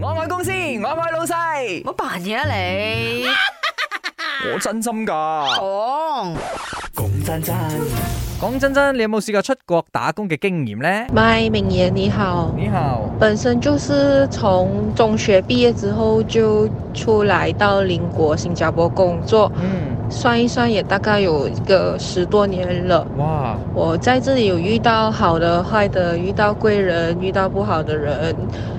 我愛公司，我愛老細。我扮嘢啊你！ 我真心噶。講講、哦、真真，講真真，你有冇試過出國打工嘅經驗呢？m 明名言你好，你好。你好本身就是從中學畢業之後就出來到鄰國新加坡工作，嗯，算一算也大概有一個十多年了。哇！我在這裏有遇到好的、壞的，遇到貴人，遇到不好的人。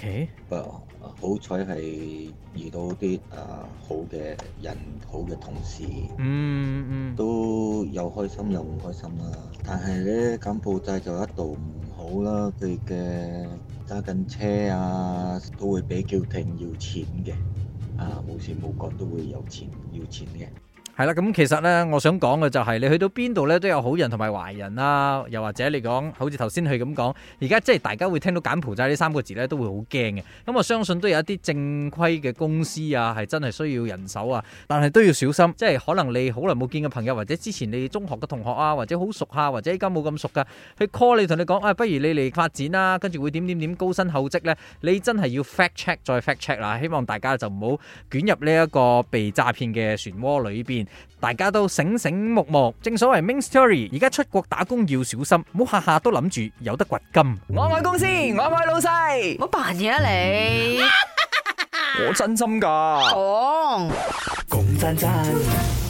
不 Okay.、啊，好彩係遇到啲啊，好嘅人，好嘅同事，嗯嗯、mm，hmm. 都有開心又唔開心啦、啊。但係咧，柬埔寨就一度唔好啦，佢嘅揸緊車啊，都會俾叫停要錢嘅，啊，冇事冇講都會有錢要錢嘅。係啦，咁其實呢，我想講嘅就係你去到邊度呢，都有好人同埋壞人啦、啊。又或者你講，好似頭先佢咁講，而家即係大家會聽到「柬埔寨」呢三個字呢，都會好驚嘅。咁我相信都有一啲正規嘅公司啊，係真係需要人手啊，但係都要小心，即係可能你好耐冇見嘅朋友，或者之前你中學嘅同學啊，或者好熟下、啊，或者依家冇咁熟噶，去 call 你同你講，啊、哎、不如你嚟發展啦、啊，跟住會點點點高薪厚職呢，你真係要 fact check 再 fact check 啦，希望大家就唔好捲入呢一個被詐騙嘅漩渦裏邊。大家都醒醒目目，正所謂 main story。而家出國打工要小心，唔好下下都諗住有得掘金。我愛公司，我愛老細，唔好扮嘢啊你！我真心噶。講講真真。